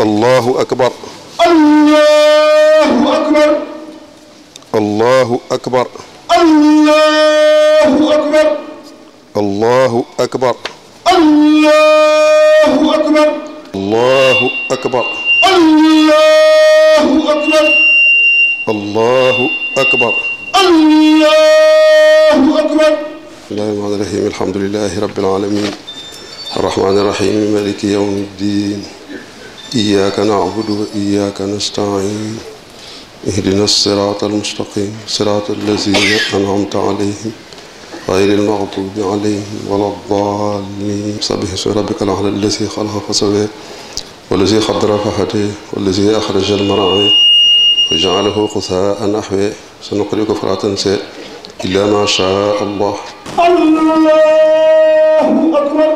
allahu akbar allahu akbar allahu akbar allahu akbar allahu akbar allahu akbar allahu akbar allahu akbar allahu akbar allahu akbar bismillahi rahmaani rahim alhamdulilahi rabbil alamin arrahmaani rahim maliki yawmi ddin إياك نعبد وإياك نستعين اهدنا الصراط المستقيم صراط الذين أنعمت عليهم غير المغضوب عليهم ولا الضالين سبح اسم ربك الأعلى الذي خلق فسواه والذي قدر فهداه والذي أخرج المرعى فجعله غثاء نحوه سنقرئك فلا تنسى إلا ما شاء الله الله أكبر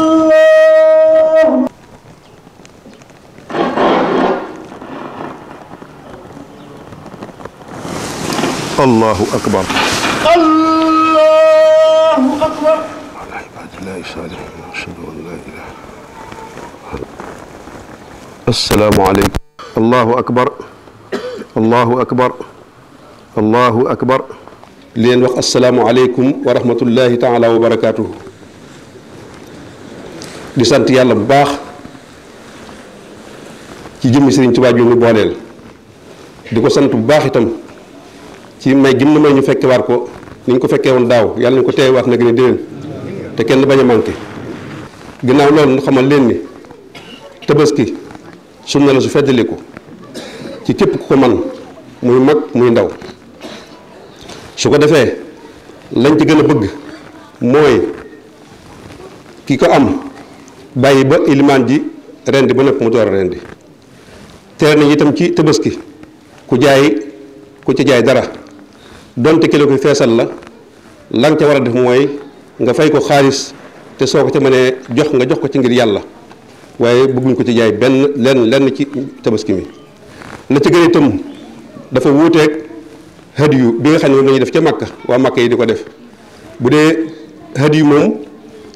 allahu akbar allahu akbar ala ibadillahi salihin ashhadu an la ilaha assalaamu aleykum allahu akbar allahu akbar allahu akbar leen wax assalaamu aleykum wa rahmatullahi taala wa barakaatuhu di sant yàlla bu baax ci jëmmi Sëriñ Tuubaa ju ñu booleel di ko sant bu baax itam ci may gim na may ñu fekke waat ko ni ñu ko fekkee woon daaw yàlla ñu ko teewaat nag ne déwén te kenn bañ a manqué ginnaaw loolu ñu leen ni tabaski sunna la su feddaliku ci képp ku ko man muy mag muy ndaw su ko defee lañ ci gën a bëgg mooy ki ko am bàyyi ba ilimaan ji rendi ba noppi mu door a rendi tere nañ itam ci tabaski ku jaay ku ci jaay dara donte kilo ko feesal la la ca war a def mooy nga fay ko xaalis te soo ko ca mënee jox nga jox ko ci ngir yàlla waaye bëgguñ ko ci jaay benn lenn lenn ci tabaski mi la ci gën a itam dafa wuuteeg hadiyu bi nga xam ne moom def ca màkka waa màkka yi di ko def bu dee hadiyu moom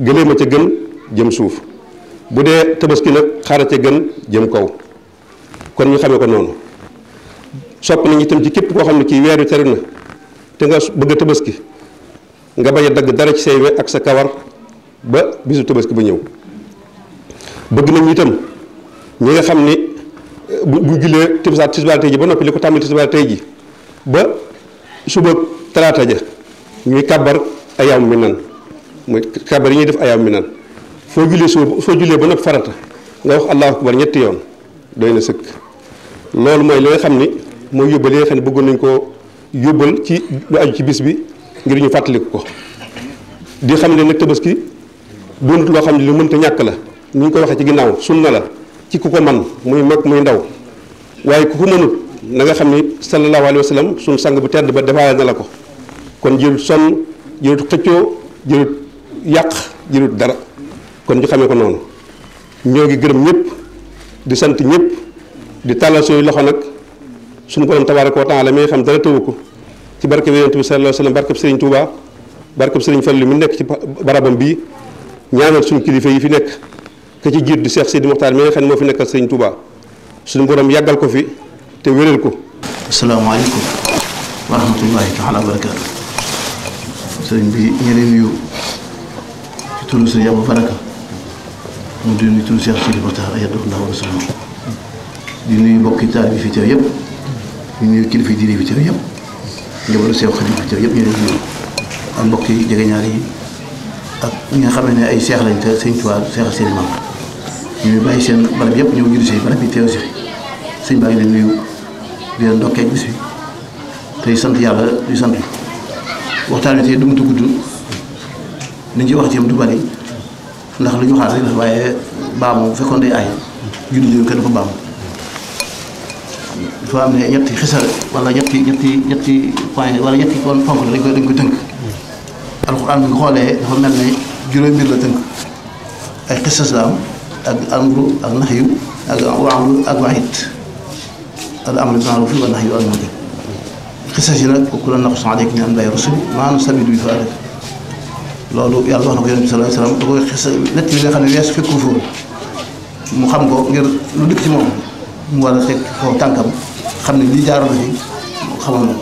gëléem a ca gën jëm suuf bu dee tabaski nag xaar a ca gën jëm kaw kon ñu xamee ko noonu sopp nañu itam ci képp koo xam ne kii weeru teru na te nga bëgg a tabaski nga bañ a dagg dara ci say we ak sa kawar ba bisu tabaski ba ñëw bëgg nañu itam ñi nga xam ni eh, bu bu jullee tibsaat tisbaar tey ji ba noppi li ko tàmbali tey ji ba suba talaata ja ñuy kàbbar ayaam mi nan muy yi ñuy def ayaam mi nan foo jullee suba foo jullee ba noppi farata nga wax allahu akbar ñetti yoon doy na sëkk loolu mooy li nga xam ni mooy yóbbal yi ne bëggoon nañ ko yóbbal ci lu aju ci bis bi ngir ñu fàttaliku ko di xam ne nag tabaski doonut loo xam ne lu mënta ñàkk la ñu ngi ko waxee ci ginnaaw sunna la ci ku ko man muy mag muy ndaw waaye ku ko mënut na nga xam ne sallallahu alayhi wa sallam sang bu tedd ba defaale na la ko kon jëlut sonn jëlut xëccoo jëlut yàq jëlut dara kon ñu xamee ko noonu ñoo ngi gërëm ñépp di sant ñëpp di tàllal suñu loxo nag suñu borom tabaaraka wa taala mi xam dara tëwu ko ci barke bi yonent bi sallallahu alayhi wa sallam barkeb Serigne Touba barkeb Serigne Fallu mi nekk ci barabam bii ñaanal suñu kilifa yi fi nekk ka ci jiit di Cheikh Sidi Mokhtar mi nga xam ne moo fi nekkal Serigne Touba suñu borom yàggal ko fi te wéral ko. asalaamaaleykum wa rahmatullahi taala barakaatu. sëriñ bi ñu leen ci turu sëriñ Abou Baraka mu di nuyu turu Cheikh di nuyu mbokki taal bi fi teew yëpp. ñu ne kilifa yi diine bi ci yëpp njabootu sew xarit bi ci yëpp ñu ne ñu ak mbokk yi jege ñaar yi ak ñi nga xam ne ay seex lañ te sëñ Tuubaa seexal seen maam ñu bàyyi seen barab yëpp ñëw jëriñ si barab yi teew si sëñ baa ngi leen nuyu di leen ndokkee bis bi tey sant yàlla di sant waxtaan wi tey du mu gudd nañ ci wax ci yam du bari ndax lu ñu xaar rek la waaye baamu bu fekkoon day aay juddu yooyu kenn ko baamu. dafa am ne ñetti xisal wala ñetti ñetti ñetti point wala ñetti kon ponk dañ koy dañ koy tënk alxuraan bi nga xoolee dafa mel ne juróom mbir la tënk ay xisas la am ak amru ak naxyu ak waamru ak waxit al amru bil maaruf wa naxyu anil munkar xisas yi nag kullan naqussu alayka min anbaa'i rusul maa nusabbitu bihi fu'aadak loolu yàlla wax na ko yonent bi sallallahu alayhi wasallam da koy xisa nett bi nga xam ne weesu fekku foofu mu xam ko ngir lu dikk ci moom mu war a teg kaw tànkam xam ne lii jaaroon fi xamoon na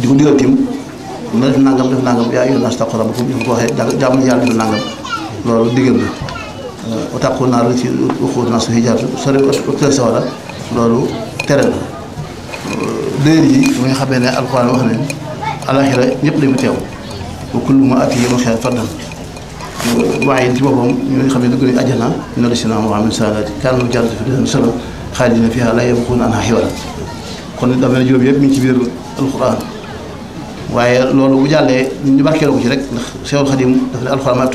di ko digal tim na def nangam def nangam yaa ayyuhan naas ittaqu rabbakum ni ma ko waxee jaamu yàlla def nangam loolu digal na wataqu naar la ci waxuut naa su hijaaratu sori teel loolu tere yi mu nga xamee ne alxuraan wax ne alaxira ñëpp dañu teew wa kullu ma ati yawmal xiyaamati fardan waaye ci boppam ñu nga xam ne dugg nañu àjjana ñu ne la si naan Muhammad salaati kan lu jàll fi solo xaalidina fiha laa yabxuuna anhaa xiwalan kon dafa ne juróom yëpp ngi ci biir alquran waaye loolu bu jàllee ñu barkeelu ko ci rek ndax Seexul Xadim dafa ne alquran ma ak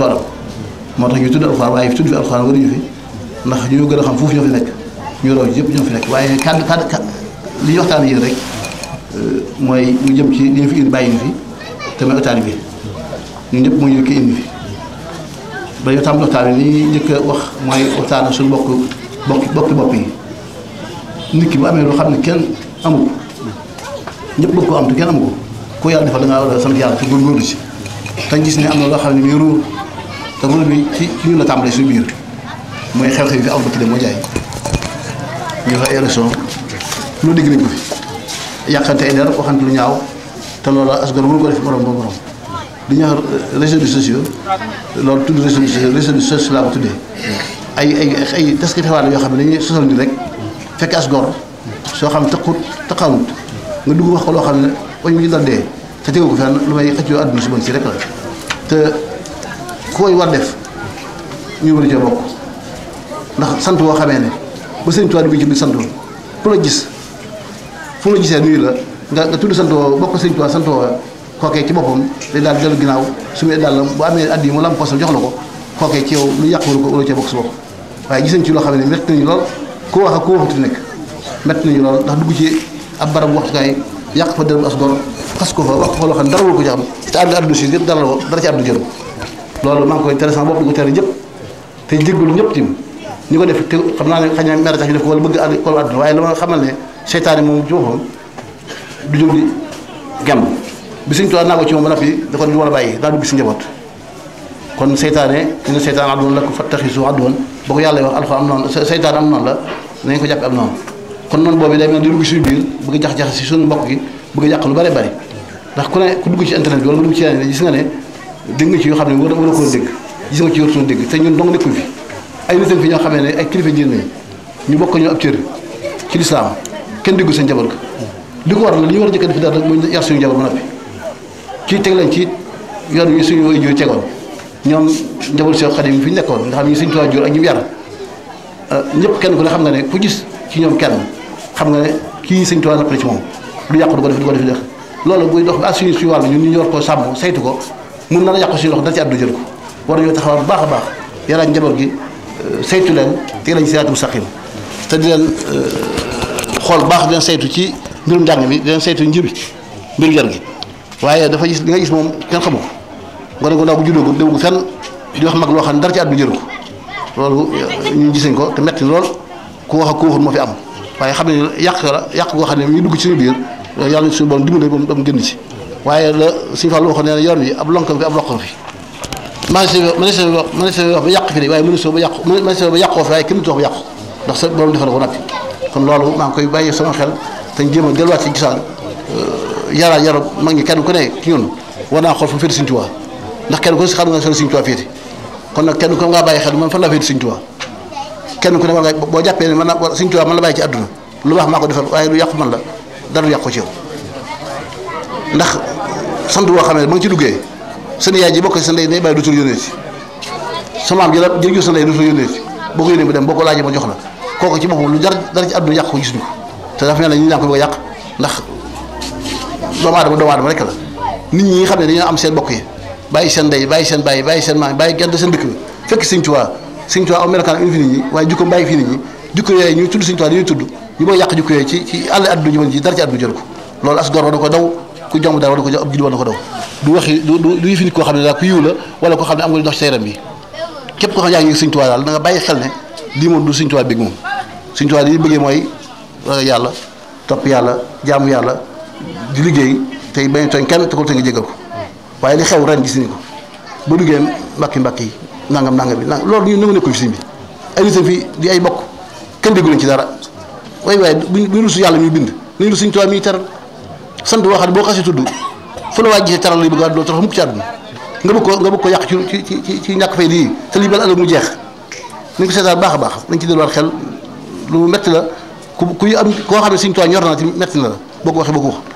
moo tax ñu tudd alquran waaye fi tudd fi alquran waruñu fi ndax ñu gën a xam foofu ñoo fi nekk ñu raw yëpp ñoo fi nekk waaye kan kan li ñu waxtaan yéen rek euh, mooy ñu jëm ci li ñu fi indi bàyyi ñu fi te mooy otaal bi ñun ñëpp ñu ko ba ñu tàmbali waxtaan bi li ñuy a wax mooy waxtaan suñu bokk bokki bokki bopp nit ki amee loo xam ne kenn amu ko ñëpp ko am te kenn ko ku yàlla defal da war a sant yàlla te góorgóorlu si te gis ne am na loo xam ne bii ruur te ruur bi la mooy xew-xew fi moo jaay ñu fa élection lu dégg nañ ko fi yàqante ay der waxante lu ñaaw te loolu as gor mënu ko def borom ba borom li ñuy wax réseaux sociaux loolu tudd réseaux sociaux sociaux laa ko tuddee ay ay ay taskati yoo xam ne dañuy sosal ni rek. fekk as gor soo xam taqut taqawut nga dugg wax loo xam ne wañ mu ci dee te tegu ko lu may xëccoo àdduna si bon si rek la te ku koy def ñu war cee ndax sant woo xamee ne ba sëñ Tuubaa bi ci biir sant woo ku la gis fu la gisee nuyu la nga nga tudd sant woo bokk sëñ Tuubaa sant woo kookee ci boppam day daal dellu ginnaaw su mu muy daal bu amee at yi mu lam posam jox la ko kookee ci yow lu yàq wala ko wala cee bokk waaye gis ci loo xam ne métti nañu lool koo wax koo waxatu nekk métti nañu lool ndax dugg ci ab barab waxtukaay yàq fa dërëm as gor xas ko fa wax ko fa loo xam ne dara woo ko ci xam si yëpp dara la dara ci àddu jëm loolu maa ngi koy tere sama bopp di ko tere ñëpp te ko def te xam naa ne xañ na mer tax ñu ko wala bëgg àdd wala waaye la ma xamal ne seytaane moom ci du jóg di gem bi suñ tuwaa naa ko ci moom ba noppi da ko war a bàyyi daa dugg si njaboot kon seytaane dina seytaan aduwoon la ko fattaxisu aduwoon boo ko yàlla wax alxuraan am noonu seytaan am noonu la nañ ko jàppe am noonu kon noonu boobu day mel di dugg suñu biir bëgg jax-jax si suñu gi bëgg yàq lu bari bari ndax ne ku dugg ci internet bi wala nga dugg ci yeneen gis nga ne dégg nga ci yoo xam ne war a koo fi ñu bokk ñu ab cër ci lislaam déggu seen jabar li ko waral li ñu war a jëkk def dara rek mooy yar suñu jabar ba noppi ci teg lañ ci yoon yi suñu way jur tegoon ñoom njaboot Seex Xaadim fi ñu nekkoon nga xam ne Sëñ Tuubaa jur ak ñu yar euh, ñëpp kenn ku ne xam nga ne ku gis ci ñoom kenn xam nga ne kii Sëñ Tuubaa nappale ci moom lu yàqu du ko def du ko def def dox ba suñu suñu wàll ñun ñu war koo sàmm saytu ko mun na la yàqu suñu loxo dara ci àddu jël ko war nañoo taxawal bu baax a baax yaraat njaboot gi euh, saytu leen te lañ siraatu mustaqim te di leen euh, xool baax di saytu ci mbirum njàng bi di leen saytu njir mbir yar gi waaye dafa gis li nga gis moom kenn xamu ko gone gu ndaw gu juddoo demagu fenn di wax mag loo xam ne dara ci at bi jëru ko loolu ñu gis nañ ko te metti lool ku wax a ku waxul moo fi am waaye xam ne yàq la yàq goo xam ne ñu dugg ci suñu na suñu borom dimbali ba mu génn ci waaye la suñu fàllu waxoon nee na yoon bi ab lonkam fi ab lokkam fi manisé manisé manisé wax ba yàq fi de waaye manisé ba yàq manisé yàq yàqoo fi waaye kenn du wax ba yàqu ndax sa borom defal ko noppi kon loolu maa ngi koy bàyyi sama xel te ñu jéem a delluwaat ci gisaan euh, yara yaru mag ñi kenn ku ne ci ñun war naa xool fu mu féete Sëriñ ndax kenn ko si xam nga seen Sëriñ Tuubaa féete kon nag kenn ku nga bàyyi xel man fan laa féete Sëriñ Tuubaa kenn ku ne war nga boo jàppee ne man Sëriñ Tuubaa man la bàyyi ci àdduna lu baax maa ko defal waaye lu yàqu man la dara yàqu ci ndax sant boo xam ne ba ci duggee seen yaay ji bokk sa ndey day bàyyi dutul yónnee si sama am jëla jërëjëf sa ndey dutul boo ko yónnee mu dem boo ko laajee ma jox la kooku ci boppam lu jar dara ci àdduna yàq ko gisuñu ko te dafa mel la ñu naan ko bëgg yàq ndax doomu aadama doomu aadama rek la nit ñi nga xam ne dañoo am seen bokk yi bàyyi seen ndey bàyyi seen bàyyi bàyyi seen maam bàyyi gedd seen dëkk bi fekk Sëñ Tuubaa Sëñ Tuubaa aw melokaan am fi nit ñi waaye jikkoom bàyyi fii nit ñi ko loolu as na ko daw ku jomb na ko daw ab du waxi du koo xam ne daal ku yiw la am nga dox ci yaram bi képp koo xam ne yaa ngi Sëñ Tuubaa xel ne lii moom du Sëñ Tuubaa bég moom Sëñ Tuubaa li bëggee mooy yàlla topp yàlla jaamu yàlla di liggéey tey bañ tooñ kenn te ko te nga jégal ko waaye li xew ren gis nañ ko bu duggee mbakki mbakki yi nangam nangam bi nangam loolu ñu nangu nekkuñ fi sëñ bi ay nitam fi di ay bokk kenn déggu leen ci dara waaye waaye bu buñ rusu yàlla muy bind nañ rusuñ tubaab mi teral sant boo xam ne boo xasee tudd fu la waaj gisee teral lay bëgg a doon torox nga bëgg ko nga yàq ci ci ci ci ñàkk fay lii te lii mu jeex nañ ko seetaan baax a baax nañ ci delluwaat xel lu metti la ku ku am koo xam ne suñu tubaab ñor na ci metti na la boo ko waxee boo ko